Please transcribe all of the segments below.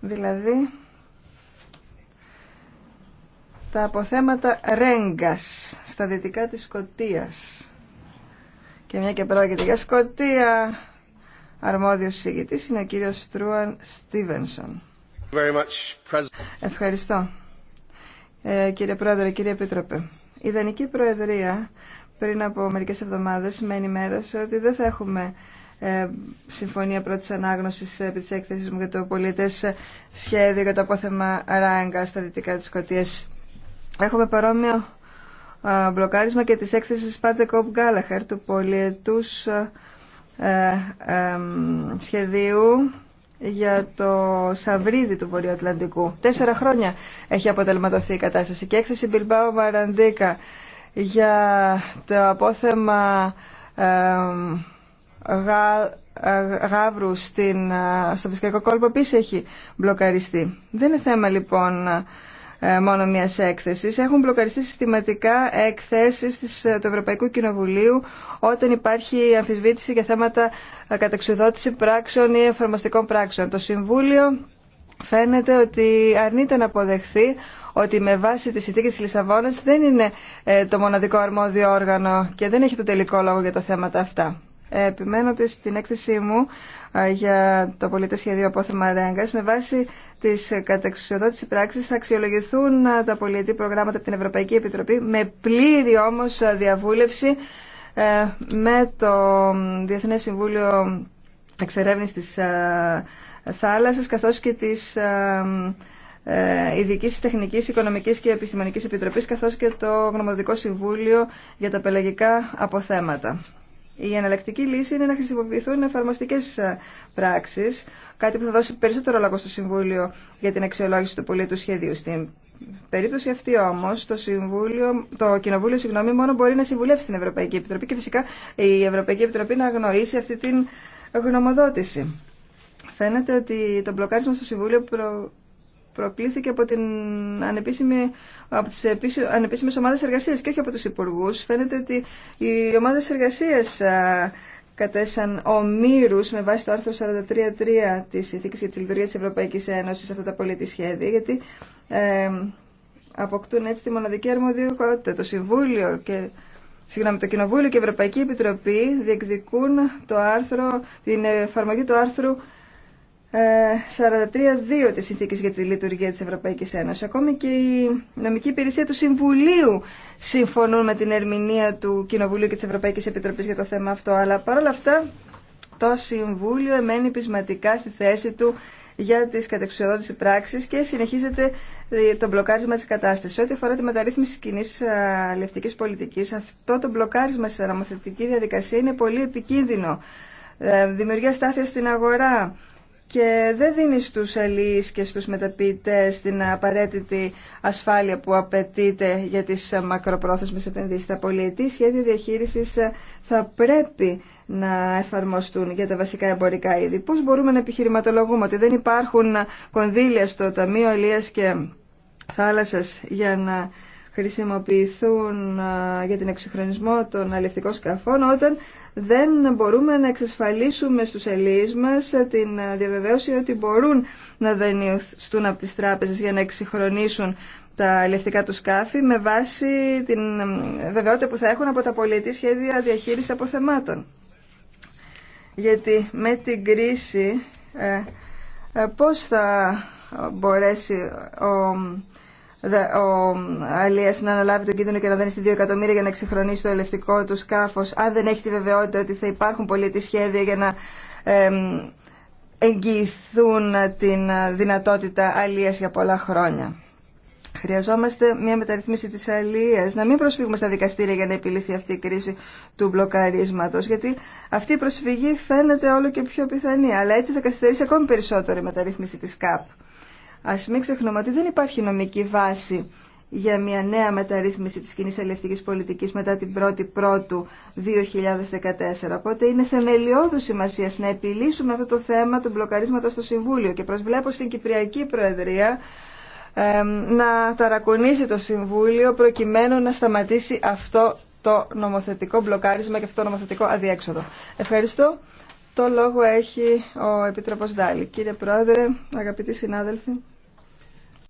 δηλαδή τα αποθέματα Ρέγκας στα δυτικά της Σκοτίας. Και μια και πρόκειται για Σκοτία, αρμόδιος συγητής είναι ο κύριος Στρούαν Στίβενσον. Ευχαριστώ. Ε, κύριε Πρόεδρε, κύριε Επίτροπε. Η Δανική Προεδρία πριν από μερικές εβδομάδες με ενημέρωσε ότι δεν θα έχουμε ε, συμφωνία πρώτη ανάγνωση επί της έκθεσης μου για το πολιτέ ε, σχέδιο για το απόθεμα Ράγκα στα δυτικά της Σκοτίας. Έχουμε παρόμοιο ε, μπλοκάρισμα και τη έκθεση Πάντε Κόμπ Γκάλαχερ του πολιετούς σχεδίου για το Σαβρίδι του Βορειοατλαντικού. Τέσσερα χρόνια έχει αποτελματωθεί η κατάσταση και έκθεση Μπιλμπάου Μαραντίκα για το απόθεμα ε, γάβρου στην, ε, στο φυσικό κόλπο επίση έχει μπλοκαριστεί. Δεν είναι θέμα λοιπόν ε, μόνο μια έκθεση. Έχουν μπλοκαριστεί συστηματικά εκθέσει του Ευρωπαϊκού Κοινοβουλίου όταν υπάρχει αμφισβήτηση για θέματα καταξιδότηση πράξεων ή εφαρμοστικών πράξεων. Το Συμβούλιο φαίνεται ότι αρνείται να αποδεχθεί ότι με βάση τη συνθήκη της Λισαβόνας δεν είναι το μοναδικό αρμόδιο όργανο και δεν έχει το τελικό λόγο για τα θέματα αυτά. Ε, επιμένω ότι στην έκθεσή μου ε, για το πολιτικό σχεδίο απόθεμα Ρέγκα, με βάση τις κατεξουσιοδότηση πράξη θα αξιολογηθούν ε, τα πολιτή προγράμματα από την Ευρωπαϊκή Επιτροπή με πλήρη όμω διαβούλευση με το Διεθνές Συμβούλιο Εξερεύνηση της Θάλασσας καθώς και της Ειδική Τεχνική, Οικονομική και Επιστημονική Επιτροπή, καθώ και το Γνωμοδοτικό Συμβούλιο για τα Πελαγικά Αποθέματα. Η εναλλακτική λύση είναι να χρησιμοποιηθούν εφαρμοστικέ ε, πράξει, κάτι που θα δώσει περισσότερο λόγο στο Συμβούλιο για την αξιολόγηση του πολίτου σχεδίου. Στην περίπτωση αυτή όμω, το, το Κοινοβούλιο συγγνώμη, μόνο μπορεί να συμβουλεύσει την Ευρωπαϊκή Επιτροπή και φυσικά η Ευρωπαϊκή Επιτροπή να αγνοήσει αυτή την γνωμοδότηση. Φαίνεται ότι το μπλοκάρισμα στο Συμβούλιο προ προκλήθηκε από, την ανεπίσημη, από τις ανεπίσημες ομάδες εργασίας και όχι από τους υπουργούς. Φαίνεται ότι οι ομάδες εργασίας κατέσαν ομήρου με βάση το άρθρο 43.3 της Συνθήκη για τη Λειτουργία τη Ευρωπαϊκή Ένωση αυτά τα πολίτη σχέδια, γιατί ε, αποκτούν έτσι τη μοναδική αρμοδιότητα. Το Συμβούλιο και. Συγγνώμη, το Κοινοβούλιο και η Ευρωπαϊκή Επιτροπή διεκδικούν το άρθρο, την εφαρμογή του άρθρου 43.2 ε, της Συνθήκης για τη Λειτουργία της Ευρωπαϊκής Ένωσης. Ακόμη και η νομική υπηρεσία του Συμβουλίου συμφωνούν με την ερμηνεία του Κοινοβουλίου και της Ευρωπαϊκής Επιτροπής για το θέμα αυτό. Αλλά παρόλα αυτά το Συμβούλιο εμένει πεισματικά στη θέση του για τις κατεξουσιοδότηση πράξεις και συνεχίζεται ε, το μπλοκάρισμα της κατάστασης. Ό,τι αφορά τη μεταρρύθμιση της κοινής ε, αλληλευτικής πολιτικής, αυτό το μπλοκάρισμα στην αναμοθετική διαδικασία είναι πολύ επικίνδυνο. Δημιουργία στάθεια στην αγορά, και δεν δίνει στους αλληλείς και στους μεταπιτές την απαραίτητη ασφάλεια που απαιτείται για τις μακροπρόθεσμες επενδύσεις. Τα πολιετή σχέδια διαχείρισης θα πρέπει να εφαρμοστούν για τα βασικά εμπορικά είδη. Πώς μπορούμε να επιχειρηματολογούμε ότι δεν υπάρχουν κονδύλια στο Ταμείο Αλίας και Θάλασσας για να χρησιμοποιηθούν για την εξυγχρονισμό των αλληλευτικών σκαφών όταν δεν μπορούμε να εξασφαλίσουμε στους ελίες μας ε, την ε, διαβεβαίωση ότι μπορούν να δανειωθούν από τις τράπεζες για να εξυγχρονίσουν τα αλληλευτικά του σκάφη με βάση την βεβαιότητα που θα έχουν από τα πολιτή σχέδια διαχείρισης αποθεμάτων. Γιατί με την κρίση ε, ε θα μπορέσει ο ο Αλίας να αναλάβει τον κίνδυνο και να στη 2 εκατομμύρια για να ξεχρονίσει το ελευτικό του σκάφο αν δεν έχει τη βεβαιότητα ότι θα υπάρχουν πολίτη σχέδια για να εγγυηθούν την δυνατότητα αλίας για πολλά χρόνια. Χρειαζόμαστε μια μεταρρύθμιση τη αλίας, να μην προσφύγουμε στα δικαστήρια για να επιληθεί αυτή η κρίση του μπλοκαρίσματος, γιατί αυτή η προσφυγή φαίνεται όλο και πιο πιθανή, αλλά έτσι θα καθυστερήσει ακόμη περισσότερο η μεταρρύθμιση τη ΚΑΠ. Ας μην ξεχνούμε ότι δεν υπάρχει νομική βάση για μια νέα μεταρρύθμιση της κοινή ελευτικής πολιτικής μετά την 1η Πρώτου 2014. Οπότε είναι θεμελιώδου σημασία να επιλύσουμε αυτό το θέμα του μπλοκαρίσματος στο Συμβούλιο και προσβλέπω στην Κυπριακή Προεδρία να ταρακονίσει το Συμβούλιο προκειμένου να σταματήσει αυτό το νομοθετικό μπλοκάρισμα και αυτό το νομοθετικό αδιέξοδο. Ευχαριστώ. Το λόγο έχει ο Επιτροπός Δάλη. Κύριε Πρόεδρε, αγαπητοί συνάδελφοι.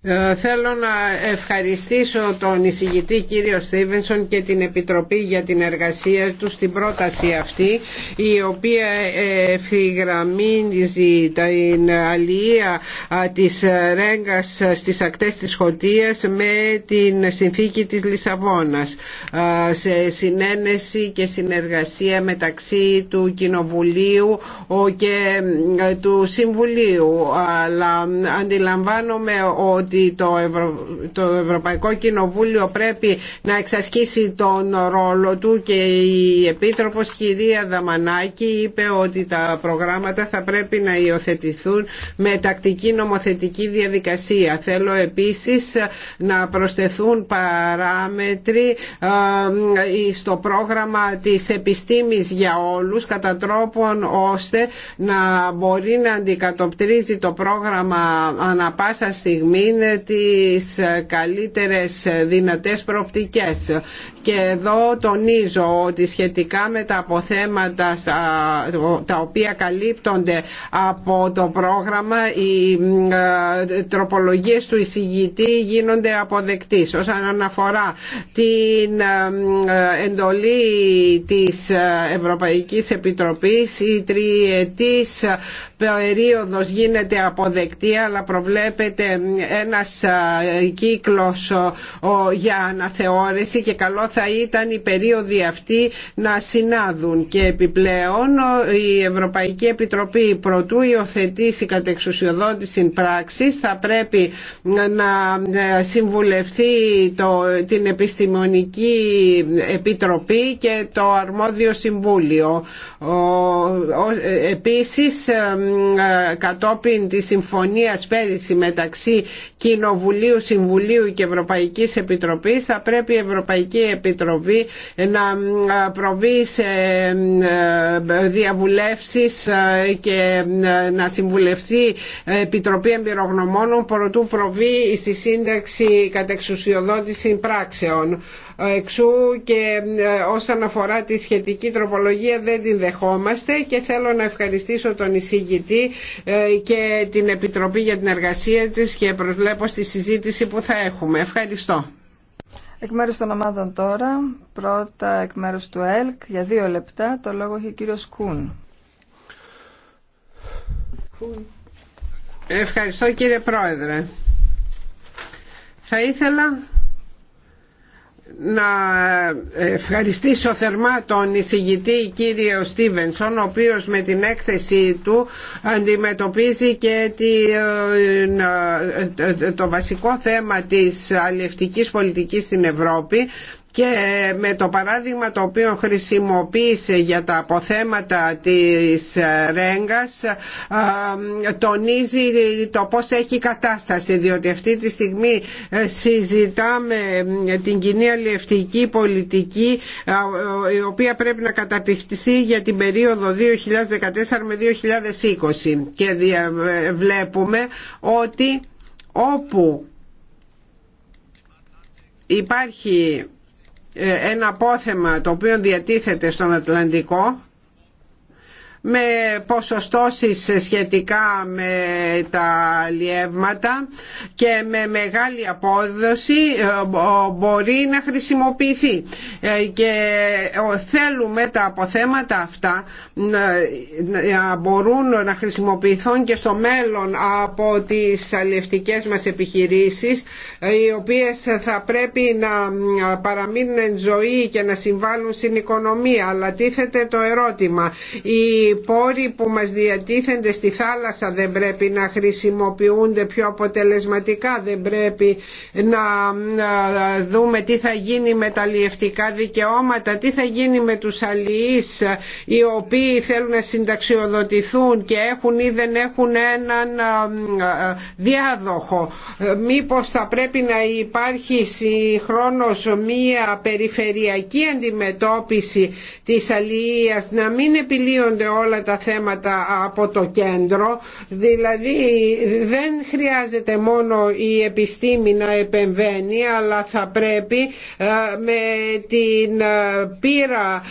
Ε, θέλω να ευχαριστήσω τον εισηγητή κύριο Στίβενσον και την Επιτροπή για την εργασία του στην πρόταση αυτή η οποία ευθυγραμμίζει την αλληλεία της Ρέγκας στις ακτές της Χωτίας με την συνθήκη της Λισαβόνας σε συνένεση και συνεργασία μεταξύ του Κοινοβουλίου και ε, του Συμβουλίου αλλά αντιλαμβάνομαι ότι ότι το, το Ευρωπαϊκό Κοινοβούλιο πρέπει να εξασκήσει τον ρόλο του και η Επίτροπος κυρία Δαμανάκη είπε ότι τα προγράμματα θα πρέπει να υιοθετηθούν με τακτική νομοθετική διαδικασία. Θέλω επίσης να προσθεθούν παράμετροι ε, ε, στο πρόγραμμα της επιστήμης για όλους κατά τρόπον ώστε να μπορεί να αντικατοπτρίζει το πρόγραμμα ανα πάσα στιγμή τις καλύτερες δυνατές προοπτικές. Και εδώ τονίζω ότι σχετικά με τα αποθέματα τα οποία καλύπτονται από το πρόγραμμα οι ε, τροπολογίες του εισηγητή γίνονται αποδεκτής. Όσον αναφορά την ε, εντολή της Ευρωπαϊκής Επιτροπής η τριετής περίοδος γίνεται αποδεκτή αλλά προβλέπεται ένας κύκλος για αναθεώρηση και καλό θα ήταν οι περίοδοι αυτοί να συνάδουν και επιπλέον η Ευρωπαϊκή Επιτροπή προτού υιοθετήσει κατεξουσιοδότηση πράξης θα πρέπει να συμβουλευτεί το, την Επιστημονική Επιτροπή και το Αρμόδιο Συμβούλιο. Ε, κατόπιν της συμφωνίας πέρυσι μεταξύ Κοινοβουλίου, Συμβουλίου και Ευρωπαϊκής Επιτροπής θα πρέπει η Ευρωπαϊκή Επιτροπή να ε, προβεί σε ε, διαβουλεύσεις και να συμβουλευτεί Επιτροπή Εμπειρογνωμόνων προτού προβεί στη σύνταξη κατεξουσιοδότηση πράξεων εξού και όσον αφορά τη σχετική τροπολογία δεν την δεχόμαστε και θέλω να ευχαριστήσω τον εισηγητή ε, και την Επιτροπή για την εργασία της και προσλέπω στη συζήτηση που θα έχουμε. Ευχαριστώ. Εκ μέρου των ομάδων τώρα, πρώτα εκ μέρου του ΕΛΚ, για δύο λεπτά, το λόγο έχει ο κύριο Κούν. Ευχαριστώ κύριε Πρόεδρε. Θα ήθελα να ευχαριστήσω θερμά τον εισηγητή κύριο Στίβενσον ο οποίος με την έκθεσή του αντιμετωπίζει και ε, ε, ε, το βασικό θέμα της αλληλευτικής πολιτικής στην Ευρώπη και ε, με το παράδειγμα το οποίο χρησιμοποίησε για τα αποθέματα της ε, Ρέγκας ε, τονίζει το πώς έχει κατάσταση διότι αυτή τη στιγμή συζητάμε την κοινή αλληλευτική πολιτική η οποία πρέπει να καταπτυχθεί για την περίοδο 2014 με 2020 και βλέπουμε ότι όπου υπάρχει ε, ένα απόθεμα το οποίο διατίθεται στον Ατλαντικό με ποσοστώσεις σχετικά με τα λιεύματα και με μεγάλη απόδοση ε, μπορεί να χρησιμοποιηθεί ε, και ε, θέλουμε τα αποθέματα αυτά να μπορούν να χρησιμοποιηθούν και στο μέλλον από τις αλλιευτικές μας επιχειρήσεις οι οποίες θα πρέπει να παραμείνουν εν ζωή και να συμβάλλουν στην οικονομία αλλά τίθεται το ερώτημα οι πόροι που μας διατίθενται στη θάλασσα δεν πρέπει να χρησιμοποιούνται πιο αποτελεσματικά, δεν πρέπει να δούμε τι θα γίνει με τα λιευτικά δικαιώματα, τι θα γίνει με τους αλληλείς οι οποίοι θέλουν να συνταξιοδοτηθούν και έχουν ή δεν έχουν έναν διάδοχο. Ε, μήπως θα πρέπει να υπάρχει συγχρόνως μία περιφερειακή αντιμετώπιση της αλληλείας, να μην επιλύονται όλα τα θέματα από το κέντρο δηλαδή δεν χρειάζεται μόνο η επιστήμη να επεμβαίνει αλλά θα πρέπει με την πείρα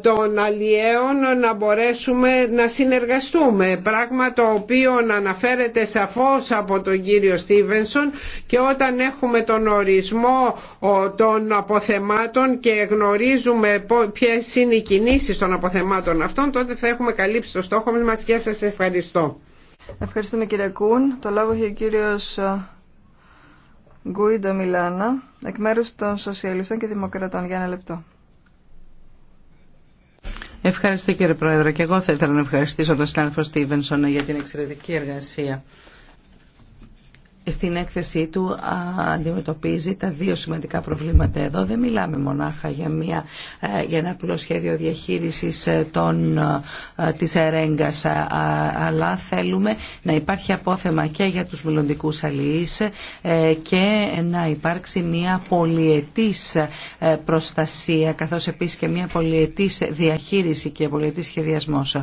των αλλιέων να μπορέσουμε να συνεργαστούμε πράγμα το οποίο αναφέρεται σαφώς από τον κύριο Στίβενσον και όταν έχουμε τον ορισμό των αποθεμάτων και γνωρίζουμε ποιες είναι οι κινήσεις των αποθεμάτων αυτών τότε θα έχουμε καλύψει το στόχο μας και σας ευχαριστώ. Ευχαριστούμε κύριε Κούν. Το λόγο έχει ο κύριος ε, Γκουίντο Μιλάνα, εκ μέρους των Σοσιαλιστών και Δημοκρατών. Για ένα λεπτό. Ευχαριστώ κύριε Πρόεδρε και εγώ θα ήθελα να ευχαριστήσω τον Στάνφο Στίβενσον για την εξαιρετική εργασία στην έκθεσή του αντιμετωπίζει τα δύο σημαντικά προβλήματα εδώ. Δεν μιλάμε μονάχα για, μια, ε, για ένα απλό σχέδιο διαχείρισης ε, των, ε, της ΕΡΕΝΚΑΣ, αλλά θέλουμε να υπάρχει απόθεμα και για τους μελλοντικού αλληλείς και να υπάρξει μια πολυετής προστασία, καθώς επίσης και μια πολυετής διαχείριση και πολυετής σχεδιασμός.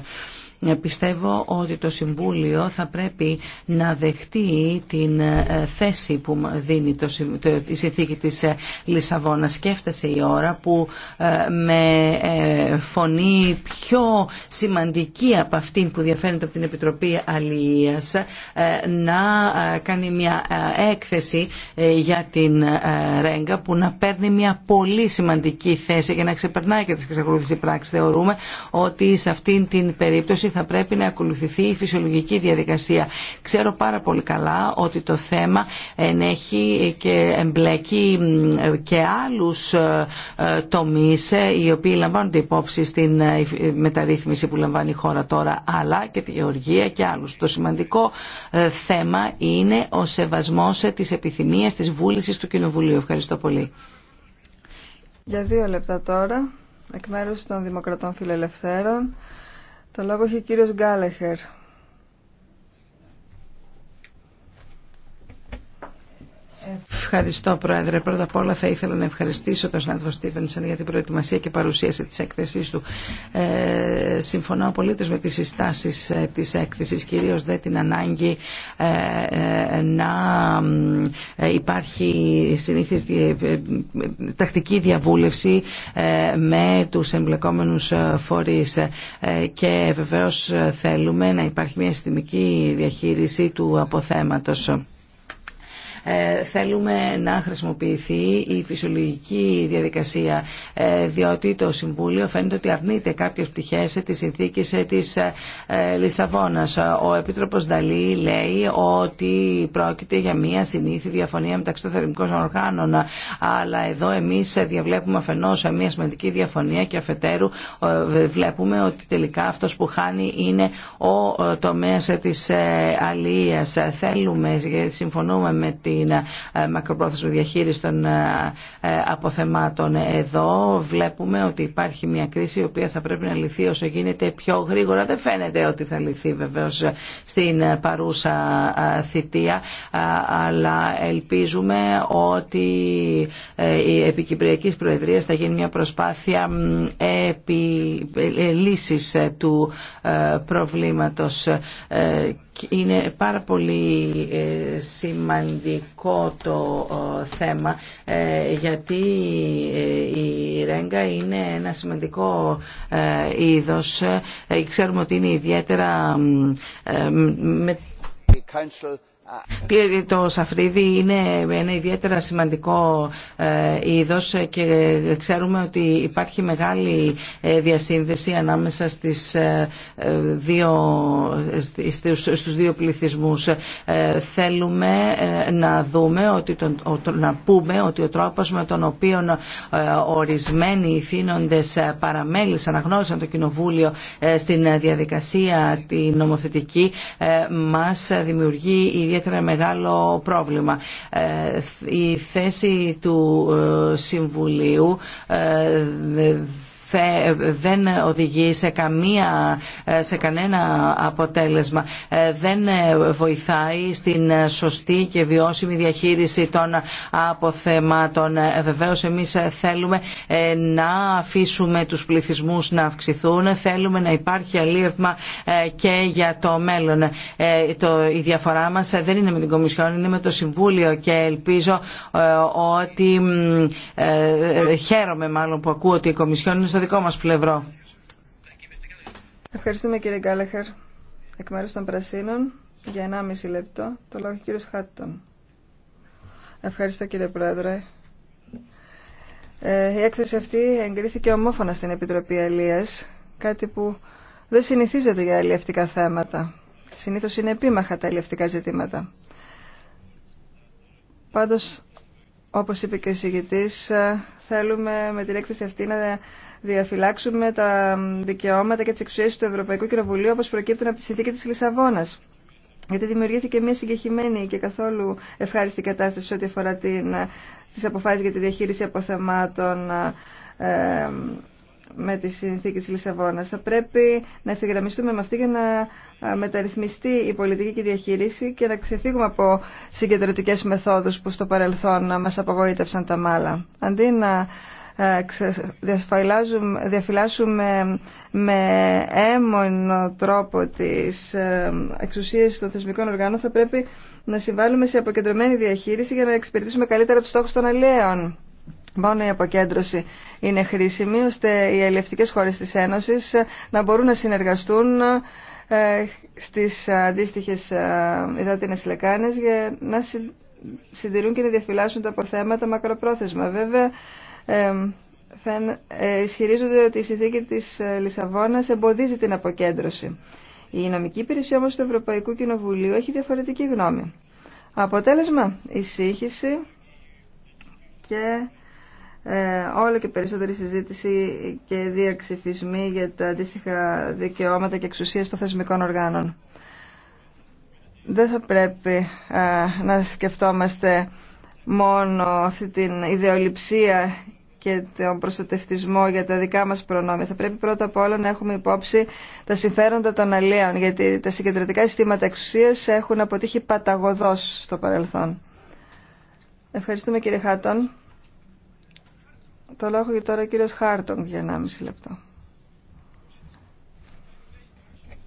Ε, πιστεύω ότι το Συμβούλιο θα πρέπει να δεχτεί την ε, θέση που δίνει το, η συνθήκη της ε, Λισαβόνα. Σκέφτεσαι η ώρα που με φωνή πιο σημαντική από αυτήν που διαφαίνεται από την Επιτροπή Αλληλείας να κάνει μια έκθεση για την Ρέγκα που να παίρνει μια πολύ σημαντική θέση για να ξεπερνάει και τις εξακολουθήσεις πράξη Θεωρούμε ότι σε αυτήν την περίπτωση θα πρέπει να ακολουθηθεί η φυσιολογική διαδικασία. Ξέρω πάρα πολύ καλά ότι το θέμα ενέχει και εμπλέκει και άλλους ε, ε, τομείς ε, οι οποίοι λαμβάνονται υπόψη στην μεταρρύθμιση που λαμβάνει η χώρα τώρα αλλά και τη γεωργία και άλλους. Το σημαντικό θέμα είναι ο σεβασμός της επιθυμίας, της βούλησης του Κοινοβουλίου. Ευχαριστώ πολύ. Για δύο λεπτά τώρα, εκ μέρους των Δημοκρατών Φιλελευθέρων, το λόγο έχει ο κύριος Γκάλεχερ. Ευχαριστώ, Πρόεδρε. Πρώτα απ' όλα θα ήθελα να ευχαριστήσω τον συνάδελφο Στίβενσον για την προετοιμασία και παρουσίαση της έκθεσης του. Ε, συμφωνώ απολύτως με τις συστάσει ε, της έκθεσης, κυρίως δε την ανάγκη ε, ε να ε, υπάρχει συνήθι τακτική διαβούλευση με του εμπλεκόμενου φορεί. και βεβαίως θέλουμε να υπάρχει μια συστημική διαχείριση του αποθέματος. Ε, θέλουμε να χρησιμοποιηθεί η φυσιολογική διαδικασία, ε, διότι το Συμβούλιο φαίνεται ότι αρνείται κάποιες πτυχές της συνθήκης ε, της Λισαβόνας. Ο Επίτροπος Νταλή λέει ότι πρόκειται για μια συνήθη διαφωνία μεταξύ των θερμικών οργάνων, αλλά εδώ εμείς διαβλέπουμε αφενός μια σημαντική διαφωνία και αφετέρου βλέπουμε ότι τελικά αυτός που χάνει είναι ο τομέας της αλληλείας. Θέλουμε, συμφωνούμε με τη την ε, μακροπρόθεσμη διαχείριση των ε, ε, αποθεμάτων εδώ. Βλέπουμε ότι υπάρχει μια κρίση η οποία θα πρέπει να λυθεί όσο γίνεται πιο γρήγορα. Δεν φαίνεται ότι θα λυθεί βεβαίως στην παρούσα θητεία, αλλά ελπίζουμε ότι η επικυπριακή προεδρία θα γίνει μια προσπάθεια επί λύσης του προβλήματος είναι πάρα πολύ ε, σημαντικό το ε, θέμα ε, γιατί η ρέγγα είναι ένα σημαντικό είδος. Ξέρουμε ότι είναι ιδιαίτερα... Το σαφρίδι είναι ένα ιδιαίτερα σημαντικό ε, είδος και ξέρουμε ότι υπάρχει μεγάλη ε, διασύνδεση ανάμεσα στις ε, δύο, στους δύο πληθυσμούς. Θέλουμε να δούμε ότι να πούμε ότι ο τρόπος με τον οποίο ορισμένοι ηθήνοντες παραμέλησαν, αναγνώρισαν το Κοινοβούλιο στην διαδικασία την νομοθετική μας δημιουργεί ιδιαίτερα ιδιαίτερα μεγάλο πρόβλημα. Ε, η θέση του ε, Συμβουλίου ε, δεν οδηγεί σε, καμία, ε, σε κανένα αποτέλεσμα. Ε, δεν ε, βοηθάει στην σωστή και βιώσιμη διαχείριση των αποθεμάτων. Βεβαίως εμείς θέλουμε να αφήσουμε τους πληθυσμούς να αυξηθούν. Θέλουμε να υπάρχει αλίευμα και για το μέλλον. Η διαφορά μας δεν είναι με την Κομισιόν, είναι με το Συμβούλιο και ελπίζω ότι χαίρομαι μάλλον που ακούω ότι η Κομισιόν είναι στο Ευχαριστούμε κύριε Γκάλεχερ. Εκ μέρους των Πρασίνων, για 1,5 λεπτό, το λόγο του κύριος Χάττον. Ευχαριστώ κύριε Πρόεδρε. Ε, η έκθεση αυτή εγκρίθηκε ομόφωνα στην Επιτροπή Αλίας, κάτι που δεν συνηθίζεται για αλληλευτικά θέματα. Συνήθως είναι επίμαχα τα αλληλευτικά ζητήματα. Πάντως, όπως είπε και ο συγητής, ε, θέλουμε με την έκθεση αυτή να διαφυλάξουμε τα δικαιώματα και τι εξουσίες του Ευρωπαϊκού Κοινοβουλίου όπως προκύπτουν από τη συνθήκη της Λισαβόνας. Γιατί δημιουργήθηκε μια συγκεχημένη και καθόλου ευχάριστη κατάσταση ό,τι αφορά την, τις αποφάσεις για τη διαχείριση αποθεμάτων ε, με τη συνθήκη της Λισαβόνας. Θα πρέπει να ευθυγραμμιστούμε με αυτή για να ε, μεταρρυθμιστεί η πολιτική και η διαχείριση και να ξεφύγουμε από συγκεντρωτικές μεθόδους που στο παρελθόν μας απογοήτευσαν τα μάλα. Αντί να ε, διαφυλάσσουμε με έμονο τρόπο τις ε, εξουσίες των θεσμικών οργάνων θα πρέπει να συμβάλλουμε σε αποκεντρωμένη διαχείριση για να εξυπηρετήσουμε καλύτερα τους στόχους των αλλαίων. Μόνο η αποκέντρωση είναι χρήσιμη ώστε οι αλληλευτικές χώρες της Ένωσης ε, να μπορούν να συνεργαστούν στις αντίστοιχες υδάτινες λεκάνες για να συντηρούν και να διαφυλάσσουν τα αποθέματα μακροπρόθεσμα. Βέβαια, ε, ισχυρίζονται ότι η συνθήκη της ε, Λισαβόνας εμποδίζει την αποκέντρωση. Η νομική υπηρεσία όμω του Ευρωπαϊκού Κοινοβουλίου έχει διαφορετική γνώμη. Αποτέλεσμα, η ησύχηση και ε, όλο και περισσότερη συζήτηση και διαξυφισμοί για τα αντίστοιχα δικαιώματα και εξουσίες των θεσμικών οργάνων. Δεν θα πρέπει να σκεφτόμαστε μόνο αυτή την ιδεολειψία και τον προστατευτισμό για τα δικά μας προνόμια. Θα πρέπει πρώτα απ' όλα να έχουμε υπόψη τα συμφέροντα των αλλαίων, γιατί τα συγκεντρωτικά συστήματα εξουσίας έχουν αποτύχει παταγωδός στο παρελθόν. Ευχαριστούμε κύριε Χάτον. Το λόγο για τώρα ο κύριος Χάρτον για 1,5 λεπτό.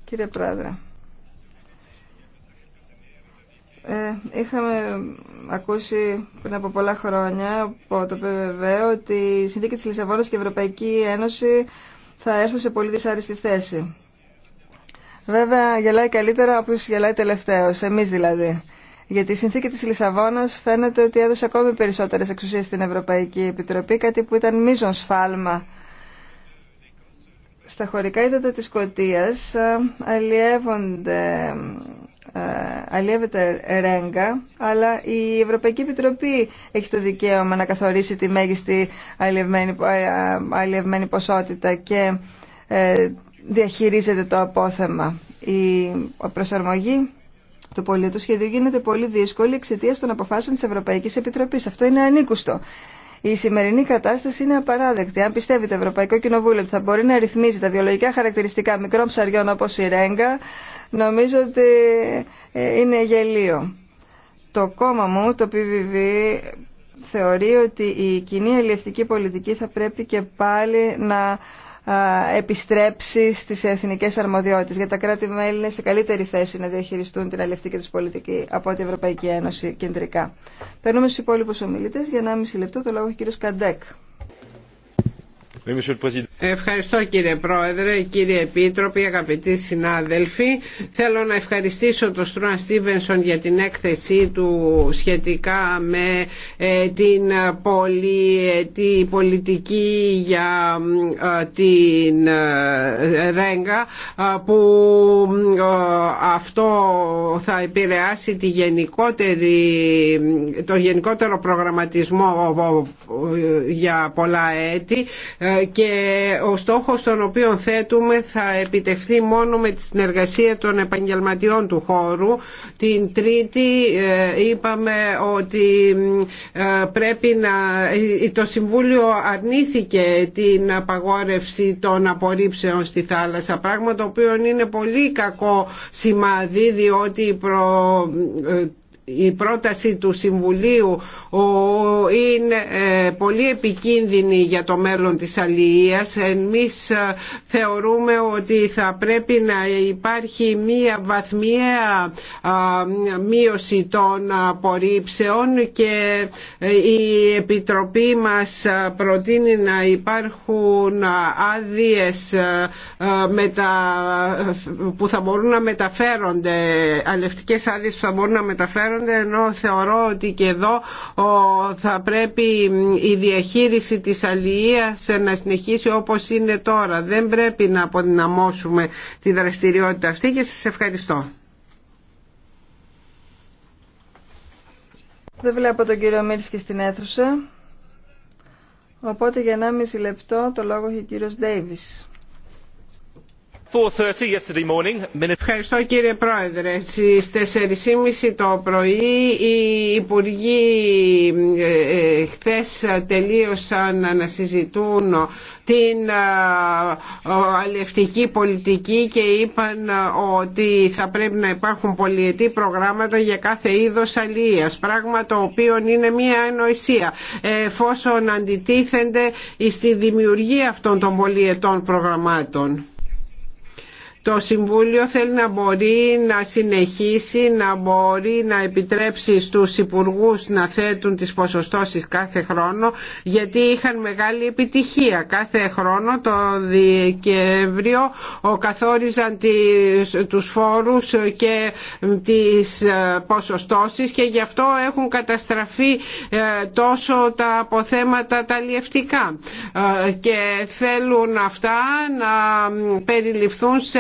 Κύριε Πρόεδρε. Ε, είχαμε ακούσει πριν από πολλά χρόνια από το ΠΒΒ ότι η Συνθήκη της Λισαβόνας και η Ευρωπαϊκή Ένωση θα έρθουν σε πολύ δυσάρεστη θέση. Βέβαια γελάει καλύτερα όπως γελάει τελευταίος, εμείς δηλαδή. Γιατί η συνθήκη της Λισαβόνας φαίνεται ότι έδωσε ακόμη περισσότερες εξουσίες στην Ευρωπαϊκή Επιτροπή, κάτι που ήταν μείζον σφάλμα. Στα χωρικά είδατα της Σκοτίας ε, αλλιεύονται αλλιεύεται ρέγγα, αλλά η Ευρωπαϊκή Επιτροπή έχει το δικαίωμα να καθορίσει τη μέγιστη αλλιευμένη ε, ποσότητα και ε, διαχειρίζεται το απόθεμα. Η προσαρμογή του πολιτού σχεδίου γίνεται πολύ δύσκολη εξαιτία των αποφάσεων τη Ευρωπαϊκή Επιτροπή. Αυτό είναι ανήκουστο. Η σημερινή κατάσταση είναι απαράδεκτη. Αν πιστεύει το Ευρωπαϊκό Κοινοβούλιο ότι θα μπορεί να ρυθμίζει τα βιολογικά χαρακτηριστικά μικρών ψαριών όπως η Ρέγγα, νομίζω ότι ε, είναι γελίο. Το κόμμα μου, το PVV, θεωρεί ότι η κοινή ελληνική πολιτική θα πρέπει και πάλι να επιστρέψει στις εθνικές αρμοδιότητες. Για τα κράτη-μέλη είναι σε καλύτερη θέση να διαχειριστούν την αλληλευτική τους πολιτική από την Ευρωπαϊκή Ένωση κεντρικά. Περνούμε στους υπόλοιπους ομιλητές. Για 1,5 λεπτό το λόγο έχει ο κ. Καντέκ. Ευχαριστώ κύριε Πρόεδρε, κύριε Επίτροπη, αγαπητοί συνάδελφοι. Θέλω να ευχαριστήσω τον Στρούαν Στίβενσον για την έκθεσή του σχετικά με ε, την ε, πολιτική για ε, την Ρέγγα που αυτό θα επηρεάσει τη γενικότερη, το γενικότερο προγραμματισμό για πολλά έτη και ο στόχος τον οποίο θέτουμε θα επιτευχθεί μόνο με τη συνεργασία των επαγγελματιών του χώρου. Την Τρίτη ε, είπαμε ότι ε, πρέπει να... Ε, το Συμβούλιο αρνήθηκε την απαγόρευση των απορρίψεων στη θάλασσα, πράγμα το οποίο είναι πολύ κακό σημάδι διότι προ η πρόταση του Συμβουλίου είναι ε, πολύ επικίνδυνη για το μέλλον της αλληλείας. Εμείς ε, θεωρούμε ότι θα πρέπει να υπάρχει μία βαθμιαία μείωση των απορρίψεων και ε, η Επιτροπή μας προτείνει να υπάρχουν άδειες που θα μπορούν να μεταφέρονται, αλευτικές άδειες που θα μπορούν να μεταφέρονται ενδιαφέρονται ενώ θεωρώ ότι και εδώ θα πρέπει η διαχείριση της αλληλείας να συνεχίσει όπως είναι τώρα. Δεν πρέπει να αποδυναμώσουμε τη δραστηριότητα αυτή και σας ευχαριστώ. Δεν βλέπω τον κύριο Μίρσκι στην αίθουσα. Οπότε για 1,5 λεπτό το λόγο έχει ο κύριος Ντέιβις. Ευχαριστώ κύριε Πρόεδρε. Στις 4.30 το πρωί οι Υπουργοί ε, ε, χθες τελείωσαν να συζητούν την ε, αλευτική πολιτική και είπαν ότι θα πρέπει να υπάρχουν πολιετή προγράμματα για κάθε είδο αλίας. Πράγμα το οποίο είναι μια ανοησία εφόσον αντιτίθενται στη δημιουργία αυτών των πολιετών προγραμμάτων το Συμβούλιο θέλει να μπορεί να συνεχίσει, να μπορεί να επιτρέψει στους υπουργούς να θέτουν τις ποσοστώσεις κάθε χρόνο, γιατί είχαν μεγάλη επιτυχία. Κάθε χρόνο το Δεκέμβριο καθόριζαν τις, τους φόρους και τις ε, ποσοστώσεις και γι' αυτό έχουν καταστραφεί ε, τόσο τα αποθέματα τα λιευτικά. Ε, και θέλουν αυτά να περιληφθούν σε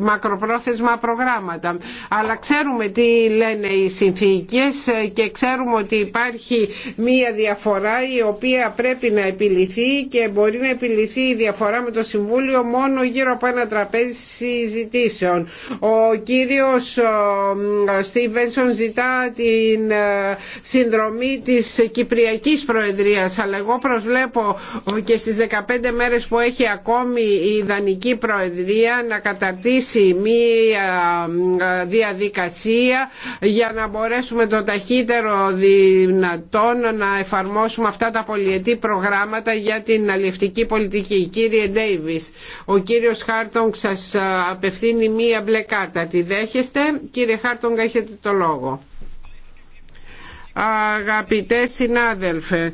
μακροπρόθεσμα προγράμματα. Αλλά ξέρουμε τι λένε οι συνθήκες ε, και ξέρουμε ότι υπάρχει μία διαφορά η οποία πρέπει να επιληθεί και μπορεί να επιληθεί η διαφορά με το Συμβούλιο μόνο γύρω από ένα τραπέζι συζητήσεων. Ο κύριος Στίβενσον ζητά την ε, συνδρομή της Κυπριακής Προεδρίας αλλά εγώ προσβλέπω ε, και στις 15 μέρες που έχει ακόμη η Ιδανική Προεδρία να καταρτήσει μία ε, διαδικασία για να μπορέσουμε το ταχύτερο δυνατόν να εφαρμόσουμε αυτά τα πολιετή προγράμματα για την αλληλευτική πολιτική. Κύριε Ντέιβις, ο κύριος Χάρτονγκ σας ε, απευθύνει μία μπλε κάρτα. Τη δέχεστε. Κύριε Χάρτονγκ, έχετε το λόγο. Αγαπητέ συνάδελφε,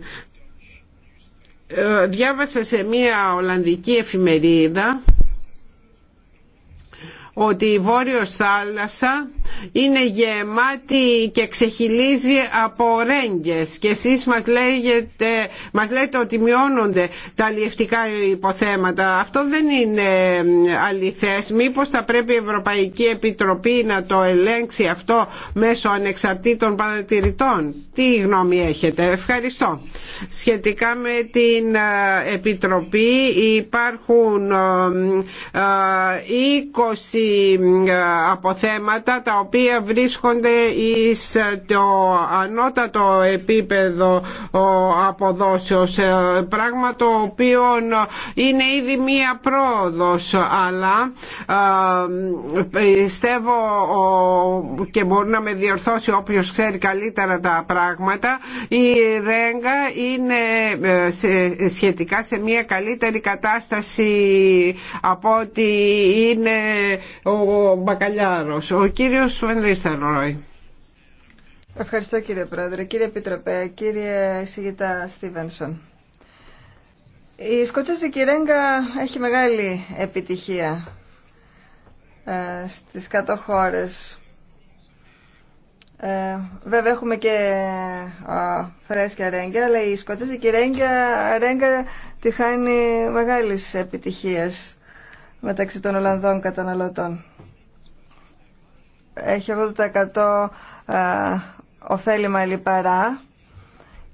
ε, διάβασα σε μία Ολλανδική εφημερίδα ότι η Βόρειος Θάλασσα είναι γεμάτη και ξεχυλίζει από ρέγγες και εσείς μας, λέγετε, λέτε ότι μειώνονται τα αλλιευτικά υποθέματα. Αυτό δεν είναι αληθές. Μήπως θα πρέπει η Ευρωπαϊκή Επιτροπή να το ελέγξει αυτό μέσω ανεξαρτήτων παρατηρητών. Τι γνώμη έχετε. Ευχαριστώ. Σχετικά με την ε, Επιτροπή υπάρχουν 20 ε, ε, αποθέματα τα τα οποία βρίσκονται εις το ανώτατο επίπεδο αποδόσεως ε, πράγμα το οποίο είναι ήδη μία πρόοδος αλλά ε, πιστεύω και μπορεί να με διορθώσει όποιος ξέρει καλύτερα τα πράγματα η Ρέγγα είναι ε, σχετικά σε μία καλύτερη κατάσταση από ότι είναι ο Μπακαλιάρος ο κύριος Ευχαριστώ κύριε Πρόεδρε, κύριε Επιτροπέ, κύριε Συγητά Στίβενσον. Η σκοτσέζικη ρέγγα έχει μεγάλη επιτυχία ε, στις κάτω χώρες. Ε, βέβαια έχουμε και φρέσκια ρέγγια, αλλά η σκοτσέζικη ρέγγια, τη χάνει μεγάλης επιτυχίας μεταξύ των Ολλανδών καταναλωτών έχει 80% ε, ωφέλιμα λιπαρά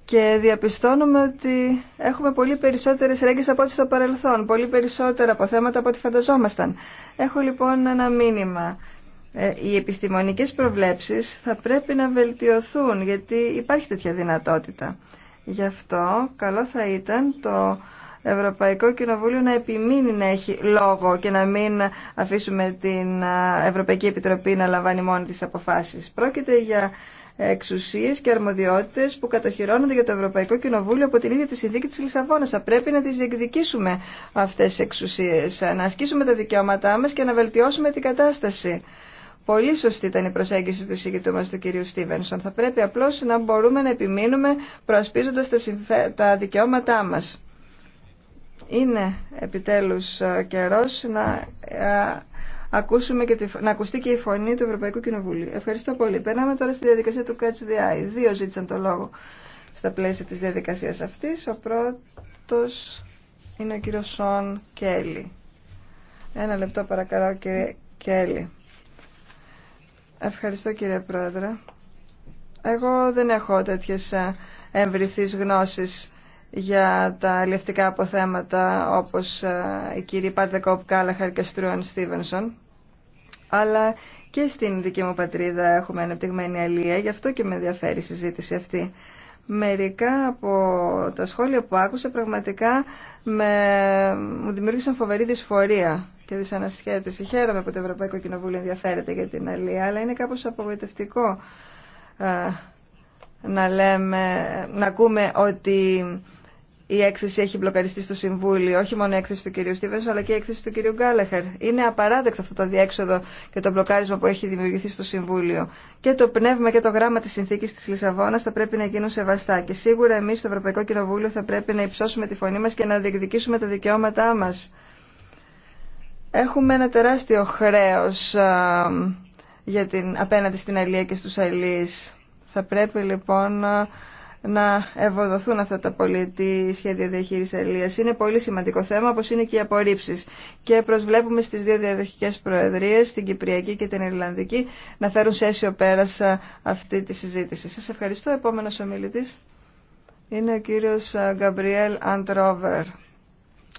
και διαπιστώνουμε ότι έχουμε πολύ περισσότερες ρέγγες από ό,τι στο παρελθόν, πολύ περισσότερα θέματα από ό,τι φανταζόμασταν. Έχω λοιπόν ένα μήνυμα. Ε, οι επιστημονικές προβλέψεις θα πρέπει να βελτιωθούν γιατί υπάρχει τέτοια δυνατότητα. Γι' αυτό καλό θα ήταν το Ευρωπαϊκό Κοινοβούλιο να επιμείνει να έχει λόγο και να μην αφήσουμε την Ευρωπαϊκή Επιτροπή να λαμβάνει μόνη της αποφάσεις. Πρόκειται για εξουσίες και αρμοδιότητες που κατοχυρώνονται για το Ευρωπαϊκό Κοινοβούλιο από την ίδια τη συνθήκη της Λισαβόνας. Θα πρέπει να τις διεκδικήσουμε αυτές τις εξουσίες, να ασκήσουμε τα δικαιώματά μας και να βελτιώσουμε την κατάσταση. Πολύ σωστή ήταν η προσέγγιση του εισηγητού μας του κυρίου Στίβενσον. Θα πρέπει απλώς να μπορούμε να επιμείνουμε προασπίζοντας τα, δικαιώματά μας είναι επιτέλους ε, καιρός να ε, ακούσουμε και να ακουστεί και η φωνή του Ευρωπαϊκού Κοινοβουλίου. Ευχαριστώ πολύ. Περνάμε τώρα στη διαδικασία του Catch the Eye. Δύο ζήτησαν το λόγο στα πλαίσια της διαδικασίας αυτής. Ο πρώτος είναι ο κύριος Σον Κέλλη. Ένα λεπτό παρακαλώ κύριε Κέλλη. Ευχαριστώ κύριε Πρόεδρε. Εγώ δεν έχω τέτοιες ε, εμβριθείς γνώσεις για τα αλληλευτικά αποθέματα όπως η κυρία Πάτε Κόπ Κάλαχαρ και Στρούαν Στίβενσον αλλά και στην δική μου πατρίδα έχουμε ανεπτυγμένη αλληλεία γι' αυτό και με ενδιαφέρει η συζήτηση αυτή μερικά από τα σχόλια που άκουσα πραγματικά με... μου δημιούργησαν φοβερή δυσφορία και δυσανασχέτηση. Χαίρομαι που το Ευρωπαϊκό Κοινοβούλιο ενδιαφέρεται για την Αλία, αλλά είναι κάπως απογοητευτικό ε, να, λέμε, να ακούμε ότι η έκθεση έχει μπλοκαριστεί στο Συμβούλιο, όχι μόνο η έκθεση του κυρίου Στίβενσον, αλλά και η έκθεση του κυρίου Γκάλεχερ. Είναι απαράδεκτο αυτό το διέξοδο και το μπλοκάρισμα που έχει δημιουργηθεί στο Συμβούλιο. Και το πνεύμα και το γράμμα τη συνθήκη τη Λισαβόνα θα πρέπει να γίνουν σεβαστά. Και σίγουρα εμεί στο Ευρωπαϊκό Κοινοβούλιο θα πρέπει να υψώσουμε τη φωνή μα και να διεκδικήσουμε τα δικαιώματά μα. Έχουμε ένα τεράστιο χρέο για την απέναντι στην Αλία και στου Αλεί. Θα πρέπει λοιπόν να ευοδοθούν αυτά τα πολιτή σχέδια διαχείριση ελεία. Είναι πολύ σημαντικό θέμα, όπω είναι και οι απορρίψει. Και προσβλέπουμε στι δύο διαδοχικέ προεδρίε, την Κυπριακή και την Ιρλανδική, να φέρουν σε αίσιο πέρασα αυτή τη συζήτηση. Σα ευχαριστώ. Επόμενο ομιλητή είναι ο κύριο Γκαμπριέλ Αντρόβερ.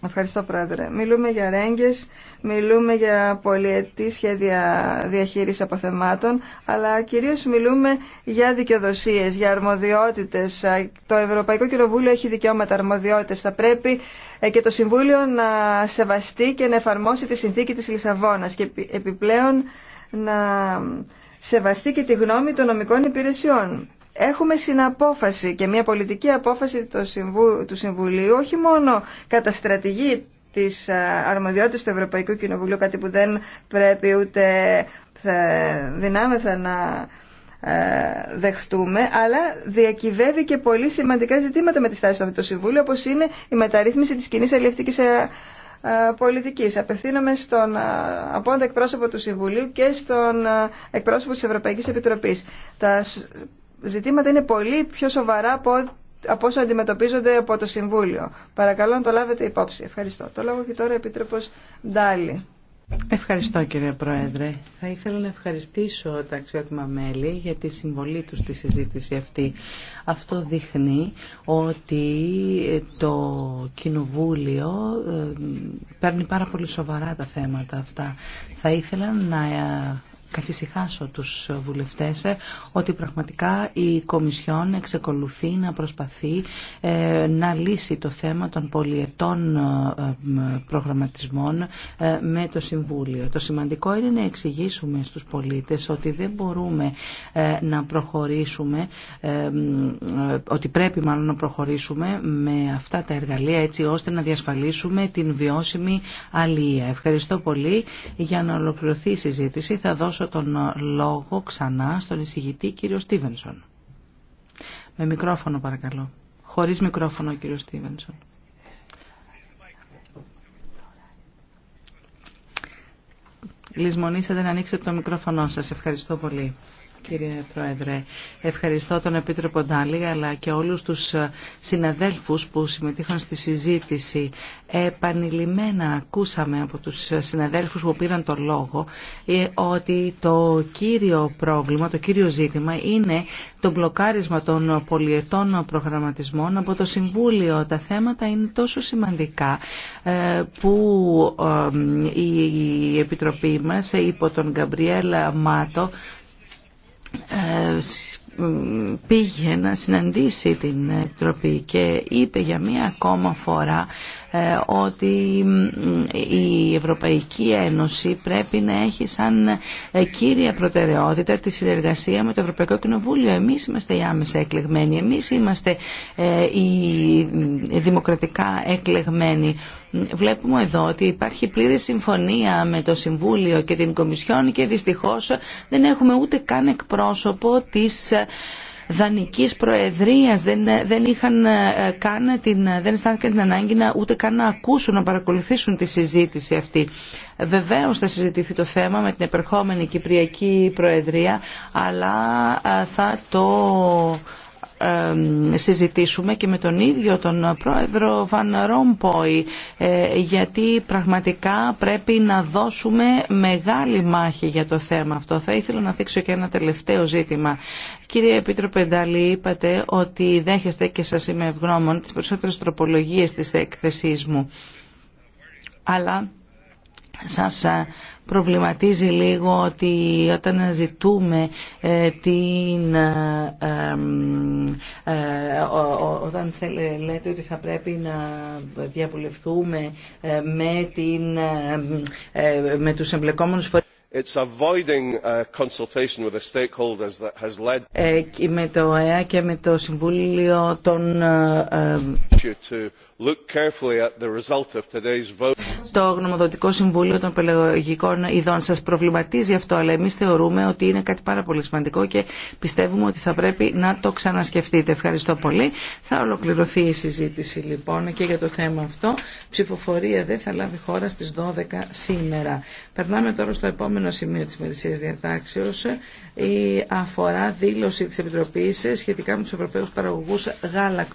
Ευχαριστώ, Πρόεδρε. Μιλούμε για ρέγγες, μιλούμε για πολυετή σχέδια διαχείρισης αποθεμάτων, αλλά κυρίως μιλούμε για δικαιοδοσίες, για αρμοδιότητες. Το Ευρωπαϊκό Κοινοβούλιο έχει δικαιώματα αρμοδιότητες. Θα πρέπει ε, και το Συμβούλιο να σεβαστεί και να εφαρμόσει τη συνθήκη της Λισαβόνας και επιπλέον να σεβαστεί και τη γνώμη των νομικών υπηρεσιών έχουμε συναπόφαση και μια πολιτική απόφαση του Συμβουλίου όχι μόνο κατά στρατηγή της αρμοδιότητας του Ευρωπαϊκού Κοινοβουλίου, κάτι που δεν πρέπει ούτε θα δυνάμεθα να δεχτούμε, αλλά διακυβεύει και πολύ σημαντικά ζητήματα με τη στάση του Συμβουλίου όπως είναι η μεταρρύθμιση της κοινή αλληλευτικής πολιτικής. Απευθύνομαι στον απόντα εκπρόσωπο του Συμβουλίου και στον εκπρόσωπο της Ευρωπαϊκής Επιτροπής ζητήματα είναι πολύ πιο σοβαρά από, από όσο αντιμετωπίζονται από το Συμβούλιο. Παρακαλώ να το λάβετε υπόψη. Ευχαριστώ. Το λόγο και τώρα ο Επίτροπος Ντάλι. Ευχαριστώ κύριε Πρόεδρε. Θα ήθελα να ευχαριστήσω τα αξιότιμα μέλη για τη συμβολή τους στη συζήτηση αυτή. Αυτό δείχνει ότι το Κοινοβούλιο ε, παίρνει πάρα πολύ σοβαρά τα θέματα αυτά. Θα ήθελα να ε, καθησυχάσω τους βουλευτές ε, ότι πραγματικά η Κομισιόν εξεκολουθεί να προσπαθεί ε, να λύσει το θέμα των πολιετών ε, προγραμματισμών με το Συμβούλιο. Το σημαντικό είναι να εξηγήσουμε στους πολίτες ότι δεν μπορούμε να προχωρήσουμε, ότι πρέπει μάλλον να προχωρήσουμε με αυτά τα εργαλεία έτσι ώστε να διασφαλίσουμε την βιώσιμη αλληλεία. Ευχαριστώ πολύ. Για να ολοκληρωθεί η συζήτηση θα δώσω τον ε, λόγο ξανά στον εισηγητή κύριο Στίβενσον. Με μικρόφωνο παρακαλώ. Χωρίς μικρόφωνο κύριο Στίβενσον. Λυσμονήσατε να ανοίξετε το μικρόφωνο σας. Ευχαριστώ πολύ κύριε Πρόεδρε. Ευχαριστώ τον Επίτροπο Ντάλη αλλά και όλους τους ε, συναδέλφους που συμμετείχαν στη συζήτηση. Επανειλημμένα ακούσαμε από τους ε, συναδέλφους που πήραν το λόγο ε, ότι το κύριο πρόβλημα, το κύριο ζήτημα είναι το μπλοκάρισμα των πολιετών προγραμματισμών από το Συμβούλιο. Τα θέματα είναι τόσο σημαντικά που η Επιτροπή μας υπό τον Γκαμπριέλ Μάτο ε, πήγε να συναντήσει την Επιτροπή και είπε για μία ακόμα φορά ε, ότι η Ευρωπαϊκή Ένωση πρέπει να έχει σαν ε, κύρια προτεραιότητα τη συνεργασία με το Ευρωπαϊκό Κοινοβούλιο. Εμείς είμαστε οι άμεσα εκλεγμένοι, εμείς είμαστε ε, οι δημοκρατικά εκλεγμένοι. Βλέπουμε εδώ ότι υπάρχει πλήρη συμφωνία με το Συμβούλιο και την Κομισιόν και δυστυχώς δεν έχουμε ούτε καν εκπρόσωπο της δανικής προεδρίας δεν, δεν είχαν ε, καν την, δεν αισθάνθηκαν την ανάγκη να ούτε καν να ακούσουν, να παρακολουθήσουν τη συζήτηση αυτή. Βεβαίω θα συζητηθεί το θέμα με την επερχόμενη Κυπριακή Προεδρία αλλά ε, θα το συζητήσουμε και με τον ίδιο τον πρόεδρο Βαν Ρόμποϊ ε, γιατί πραγματικά πρέπει να δώσουμε μεγάλη μάχη για το θέμα αυτό. Θα ήθελα να δείξω και ένα τελευταίο ζήτημα. Κύριε Επίτροπε Νταλή, είπατε ότι δέχεστε και σας είμαι ευγνώμων τις περισσότερες τροπολογίες της έκθεσής μου. Αλλά σας ε, προβληματίζει λίγο ότι όταν ζητούμε ε, την ε, όταν λέτε ότι θα πρέπει να διαβουλευτούμε με την με τους εμπλεκόμενους φορείς It's avoiding consultation with the stakeholders that has led και με το ΕΑ και με το Συμβούλιο των to look carefully at the result of today's vote το Γνωμοδοτικό Συμβούλιο των Πελεγωγικών Ειδών. Σας προβληματίζει αυτό, αλλά εμείς θεωρούμε ότι είναι κάτι πάρα πολύ σημαντικό και πιστεύουμε ότι θα πρέπει να το ξανασκεφτείτε. Ευχαριστώ πολύ. Θα ολοκληρωθεί η συζήτηση λοιπόν και για το θέμα αυτό. Ψηφοφορία δεν θα λάβει χώρα στις 12 σήμερα. Περνάμε τώρα στο επόμενο σημείο της μερισίας διατάξεως. Η αφορά δήλωση της Επιτροπής ε, σχετικά με τους Ευρωπαίους παραγωγούς γάλακτος.